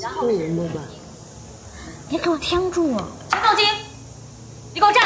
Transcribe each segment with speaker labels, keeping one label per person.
Speaker 1: 然後，
Speaker 2: 你給我停住，啊！
Speaker 3: 陳奉京，你給我站！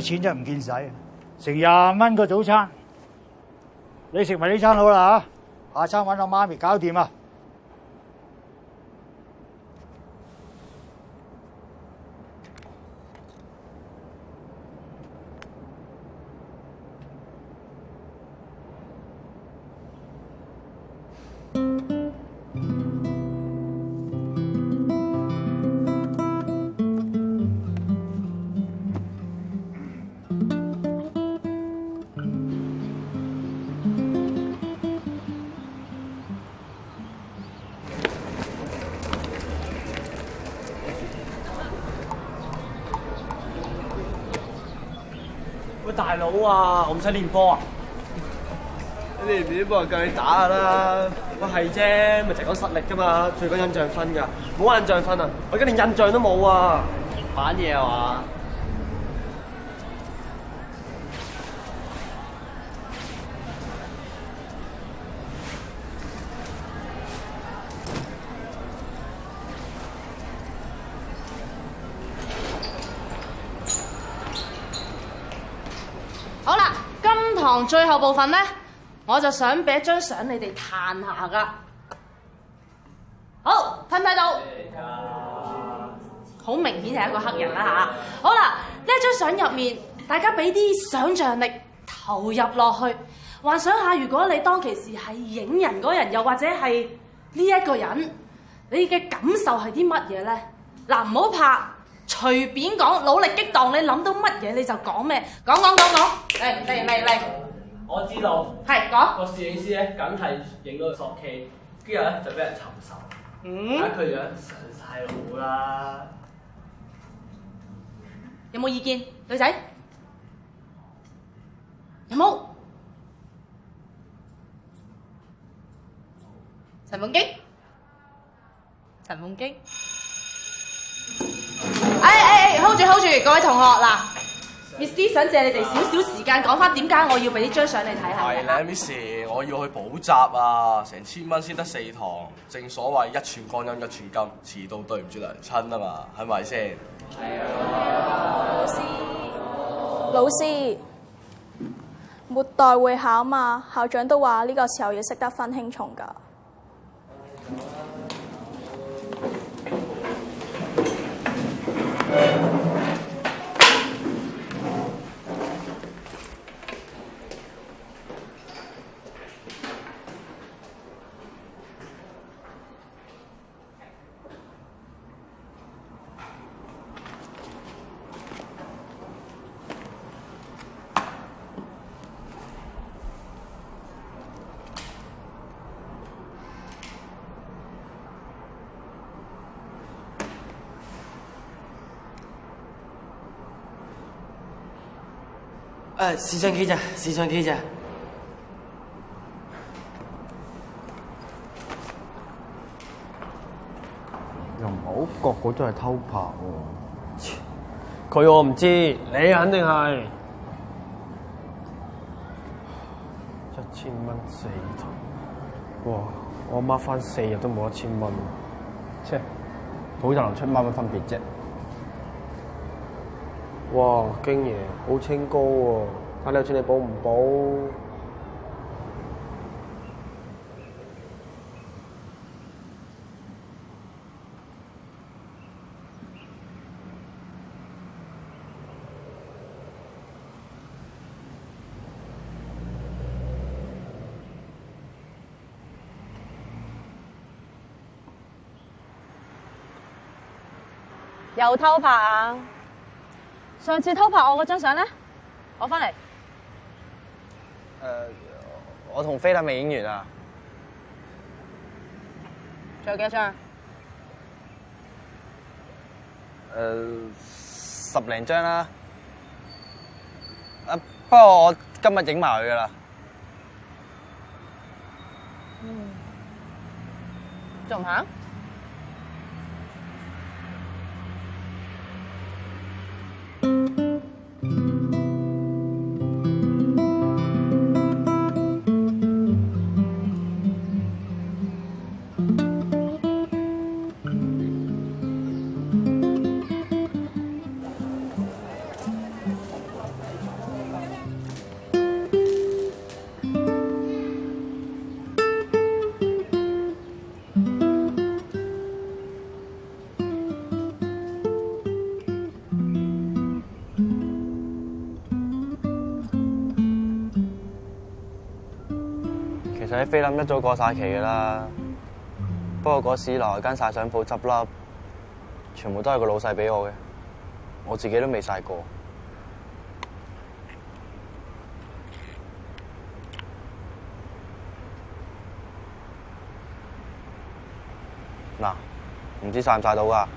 Speaker 1: 錢真係唔見使，成廿蚊個早餐， 你食埋呢餐好啦 下餐揾我媽咪搞掂啊！好啊，我唔使練波啊，你哋啲波人教你打噶啦，
Speaker 2: 我係啫，咪就講實力噶嘛，最緊印象分噶，冇印象分啊，我而家連印象都冇啊，玩嘢啊嘛。
Speaker 3: 最後部分呢，我就想俾張相你哋嘆下㗎。好，睇唔睇到？好 明顯係一個黑人啦、啊、嚇。好啦，呢一張相入面，大家俾啲想像力投入落去，幻想下如果你當其時係影人嗰人，又或者係呢一個人，你嘅感受係啲乜嘢呢？嗱、啊，唔好怕，隨便講，努力激動，你諗到乜嘢你就講咩，講講講講，嚟嚟嚟嚟。
Speaker 2: 我知道，係個攝影師咧，梗係影嗰個索 K，跟住咧就俾人尋仇，睇佢樣上晒腦啦！
Speaker 3: 有冇意見，女仔？有冇？陳奉京，陳奉京，哎哎哎，hold 住 hold 住，各位同學嗱。Miss Lee，想借你哋少少時
Speaker 1: 間講翻點解我要俾呢張相你睇下。係啊，Miss，我要去補習啊，成千蚊先得四堂，正所謂一寸光陰一寸金，遲到對唔住娘親啊嘛，係咪先？係啊、哎哎，
Speaker 3: 老師，老師，末代師會考嘛，校長都話呢個時候要識得分輕重噶。哎
Speaker 2: 誒攝像機咋？攝像機咋？
Speaker 1: 又唔好，個個
Speaker 2: 都係偷拍喎！佢我唔知，你肯定係一千蚊四台。哇！我媽返四日都冇一千蚊喎！切車，好頭出乜
Speaker 1: 乜分別啫？嗯。
Speaker 2: 哇，京爺好清高喎，啊！睇你有錢你補唔補？有
Speaker 3: 偷拍啊！上次偷拍我嗰張相呢，我翻嚟。誒，
Speaker 1: 我同菲達未影完啊，
Speaker 3: 仲有幾多張？
Speaker 1: 誒，十零張啦。啊，不過我今日影埋佢㗎喇。
Speaker 3: 嗯。仲行？
Speaker 1: 菲林一早過晒期噶啦，不過嗰時留喺間晒相鋪執笠，全部都係個老細俾我嘅，我自己都未晒過。嗱、嗯，唔知晒唔晒到噶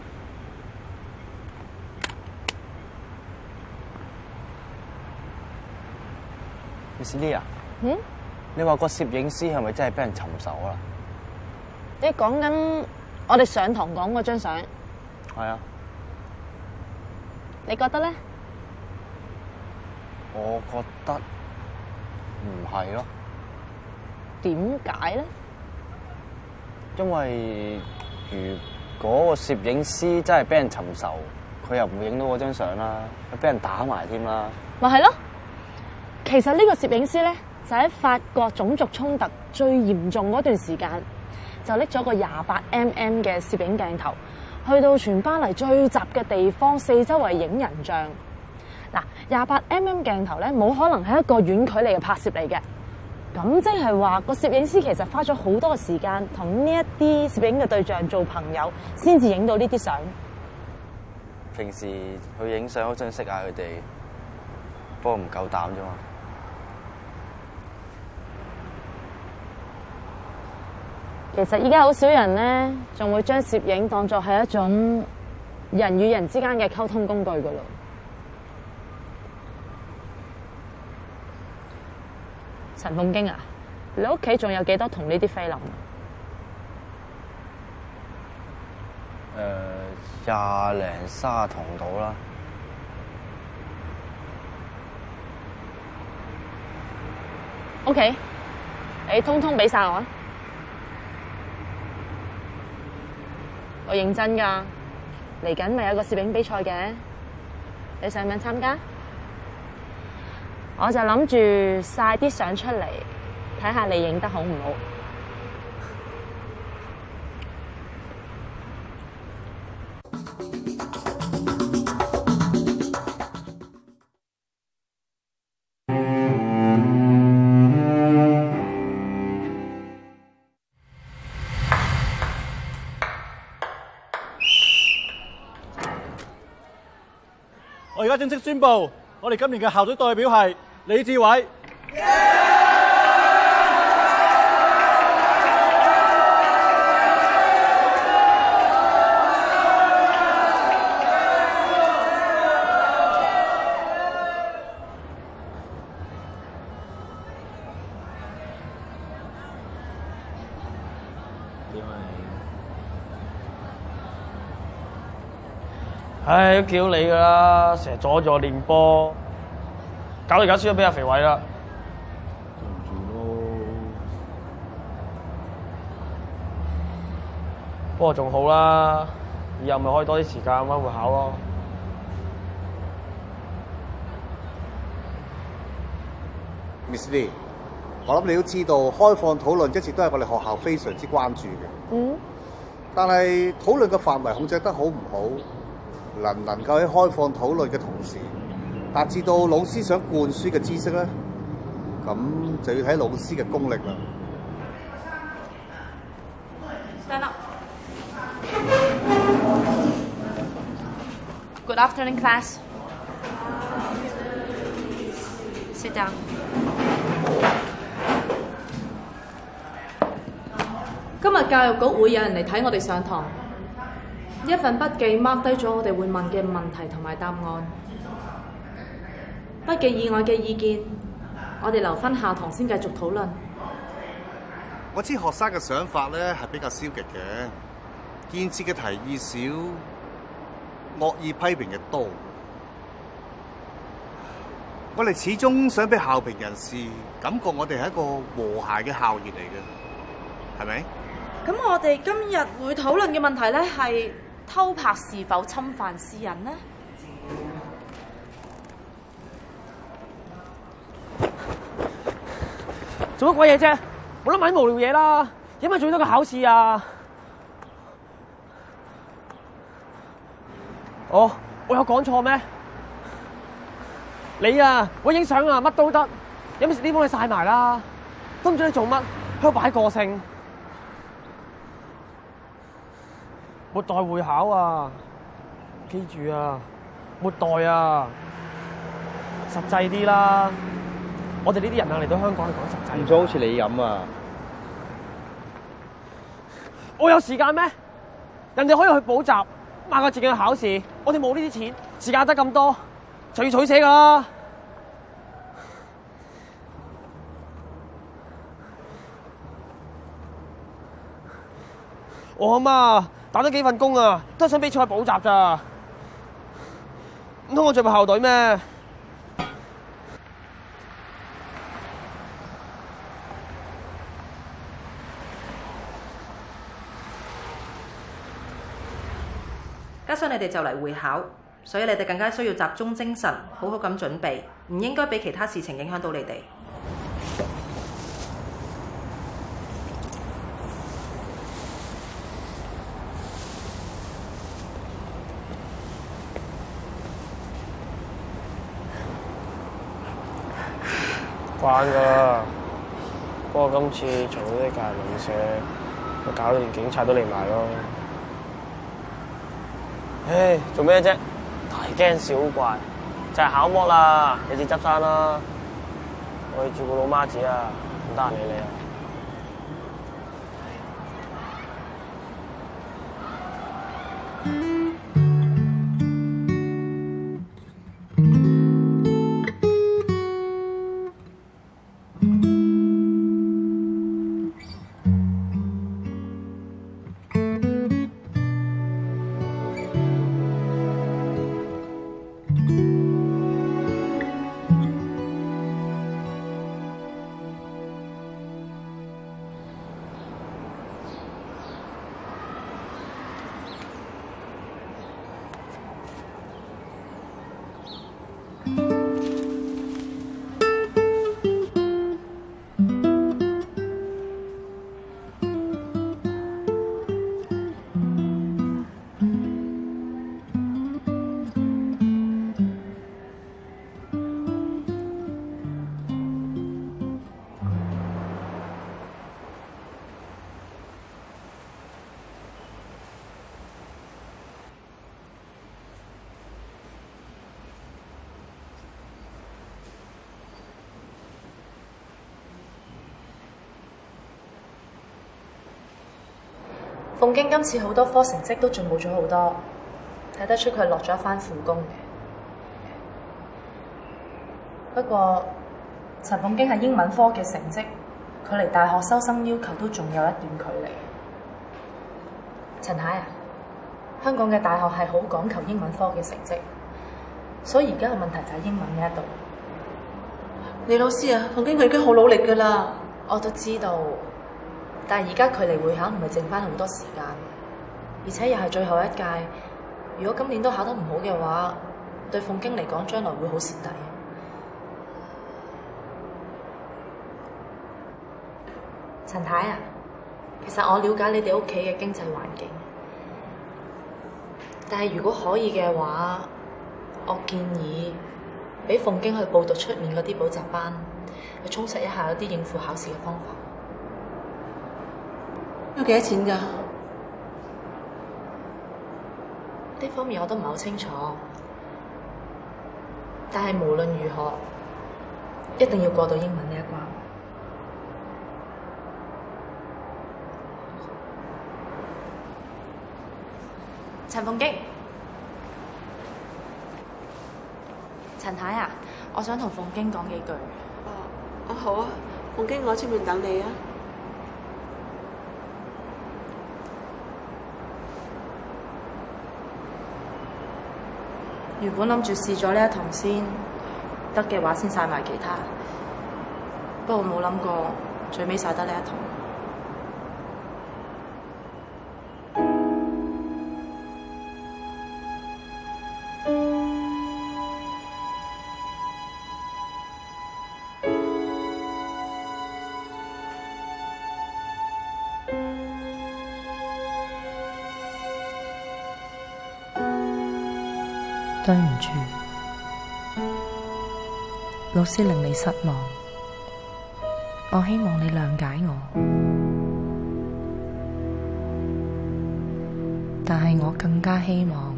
Speaker 1: ？Miss Lee 啊？嗯。你話個攝影師係咪真係俾人尋仇啦？
Speaker 3: 你講緊我哋上堂講嗰張相，係啊？你覺得咧？
Speaker 1: 我覺得唔係咯。
Speaker 3: 點解咧？
Speaker 1: 因為如果個攝影師真係俾人尋仇，佢又唔會影到嗰張相啦，佢俾人打埋添啦。
Speaker 3: 咪係咯。其實呢個攝影師咧。就喺法國種族衝突最嚴重嗰段時間，就拎咗個廿八 mm 嘅攝影鏡頭，去到全巴黎最集嘅地方，四周圍影人像。嗱、mm，廿八 mm 鏡頭咧，冇可能係一個遠距離嘅拍攝嚟嘅。咁即係話，個攝影師其實花咗好多時間，同呢一啲攝影嘅對象做朋友，先至影到呢啲相。
Speaker 1: 平時去影相好想識下佢哋，不過唔夠膽啫嘛。
Speaker 3: 其實而家好少人呢，仲會將攝影當作係一種人與人之間嘅溝通工具噶啦。陳奉京啊，你屋企仲有幾多筒呢啲菲林啊？
Speaker 1: 誒、呃，廿零三十筒到啦。
Speaker 3: OK，你通通俾晒我。我認真㗎，嚟緊咪有個攝影比賽嘅，你想唔想參加？我就諗住晒啲相出嚟，睇下你影得好唔好。
Speaker 1: 正式宣布，我哋今年嘅校隊代表係李志偉。
Speaker 2: 唉，都叫你㗎喇，成日阻住我練波，搞嚟搞去都俾阿肥偉啦，對唔住咯。不過仲好啦，以後咪可以多啲時
Speaker 1: 間溫會考咯。Miss Lee，我諗你都知道，開放討論一直都係我哋學校非常之關注嘅。嗯。但係討論嘅範圍控制得好唔好？能唔能夠喺開放討論嘅同時，達至到老師想灌輸嘅知識咧，咁就要睇老師嘅功力啦。
Speaker 3: Good afternoon, class. Sit down. 今日教育局會有人嚟睇我哋上堂。一份筆記 mark 低咗，我哋會問嘅問題同埋答案。筆記以外嘅意見，我哋留翻下堂先繼續討論。我知學
Speaker 1: 生嘅想法咧係比較消極嘅，建設嘅提議少，惡意批評嘅多。我哋始終想俾校評人士感覺，我哋係一個和諧嘅校園嚟嘅，係咪？
Speaker 3: 咁我哋今日會討論嘅問題咧係。偷拍是否侵犯私隱呢？做乜鬼嘢啫？我諗埋啲無聊嘢啦，
Speaker 2: 有一咪做多個考試啊！哦，我有講錯咩？你啊，我影相啊，乜都得，有冇啲幫你晒埋啦？都唔知你做乜，喺度擺個性。沒代會考啊！記住啊，沒代啊，實際啲啦！我哋呢啲人啊，嚟到香港去講實際，唔
Speaker 1: 錯好似你咁啊！
Speaker 2: 我有時間咩？人哋可以去補習，買個字典去考試，我哋冇呢啲錢，時間得咁多，就要取捨噶啦！ 我嘛～.打咗幾份工啊，都係想俾彩補習咋？唔通我着埋校隊咩？
Speaker 3: 加上你哋就嚟會考，所以你哋更加需要集中精神，好好咁準備，唔應該俾其他事情影響到你哋。
Speaker 2: 慣噶，不過今次從呢啲隔籬社，我搞到連警察都嚟埋咯。唉、欸，做咩啫？大驚小怪，就係、是、考模啦，你只執生啦，我去照顧老媽子啊，唔得你嚟啊！
Speaker 3: 奉京今次好多科成績都進步咗好多，睇得出佢係落咗一番苦功嘅。不過陳奉京係英文科嘅成績，佢離大學收生要求都仲有一段距離。陳太啊，香港嘅大學係好講求英文科嘅成績，所以而家嘅問題就係英文呢一度。李老師啊，奉京佢已經好努力㗎喇，我都知道。但係而家佢離會考唔係剩翻好多時間，而且又係最後一屆。如果今年都考得唔好嘅話，對奉京嚟講將來會好蝕底。陳太啊，其實我了解你哋屋企嘅經濟環境，但係如果可以嘅話，我建議俾奉京去報讀出面嗰啲補習班，去充實一下嗰啲應付考試嘅方法。要幾多錢噶？呢方面我都唔係好清楚，但係無論如何，一定要過到英文呢一關。陳奉京，陳太，太啊，我想同奉京講幾句。哦、啊啊，好啊，奉京我喺出面等你啊。原本諗住試咗呢一筒先，得嘅話先曬埋其他。不過冇諗過，最尾曬得呢一筒。對唔住，老師令你失望，我希望你諒解我，但係我更加希望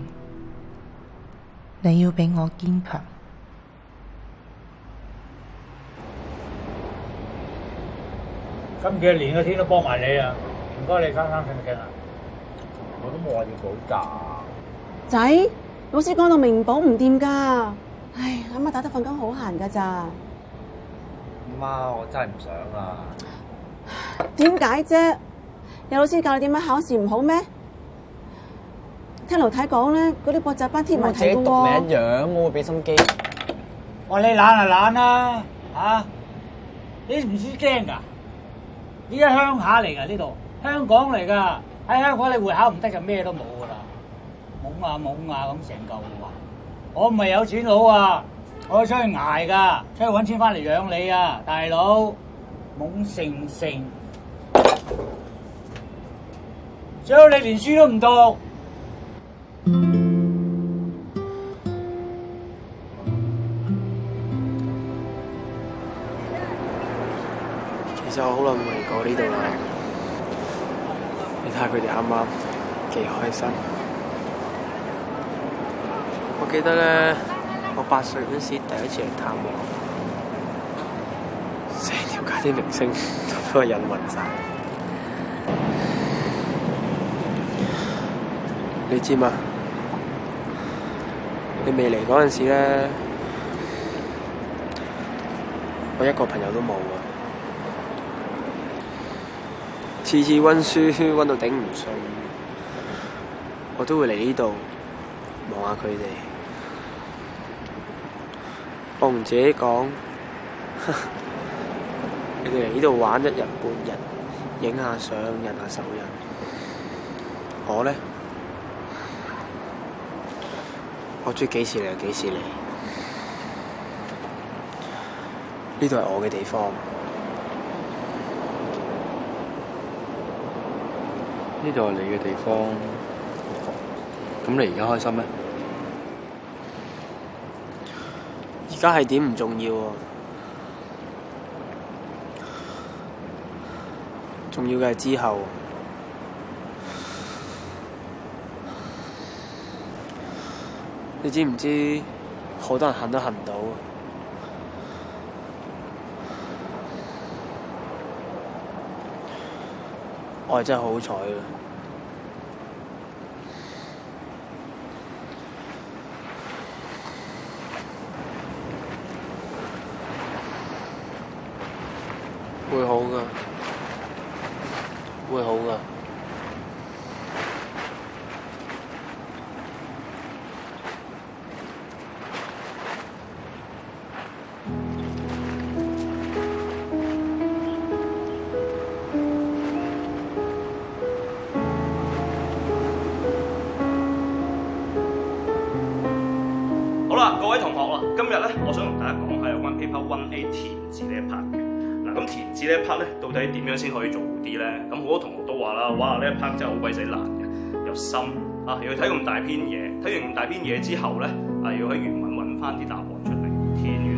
Speaker 3: 你要比我堅強。
Speaker 1: 今幾年嘅天都幫埋你啊！唔該你收收聲啊！我都冇話要補假，
Speaker 3: 仔。老師講到明保唔掂噶，唉，阿媽打得份工好閒噶咋？
Speaker 1: 媽，我真係唔想啊！
Speaker 3: 點解啫？有老師教你點樣考試唔好咩？聽劉太講咧，嗰啲補習班天唔地嘅喎。名
Speaker 1: 樣，我會俾心機。喂，你懶係懶啦，吓、啊，你唔知驚噶？依家鄉下嚟噶呢度，香港嚟噶，喺香港你會考唔得就咩都冇噶啦。懵啊，懵啊，咁成嚿，我唔係有錢佬啊，我出去捱噶，出去搵錢返嚟養你啊，大佬懵盛盛，最好你連書都唔讀。
Speaker 2: 其實我好耐冇嚟過呢度啦，你睇下佢哋啱啱幾開心。記得咧，我八歲嗰時第一次嚟探望，成條街啲明星都俾我引晒。 你知嘛？你未嚟嗰陣時咧，我一個朋友都冇啊！次次溫書溫到頂唔順，我都會嚟呢度望下佢哋。看看我同自己講，你哋嚟呢度玩一日半日，影下相，印下手印。我咧，我中意幾時嚟就幾時嚟。
Speaker 1: 呢度係我嘅地方，呢度係你嘅地方。咁你而家開心咩？而家係點唔重要
Speaker 2: 啊，重要嘅係之後啊。你知唔知好多人行都行唔到啊？我係真係好彩同大家講下有關 Paper One A 填字呢一 part 嘅。嗱，咁填字呢一 part 咧，到底點樣先可以做好啲咧？咁好多同學都話啦，哇！呢一 part 真係好鬼死難嘅，又深啊，又要睇咁大篇嘢，睇完咁大篇嘢之後咧，啊，要喺、啊、原文揾翻啲答案出嚟。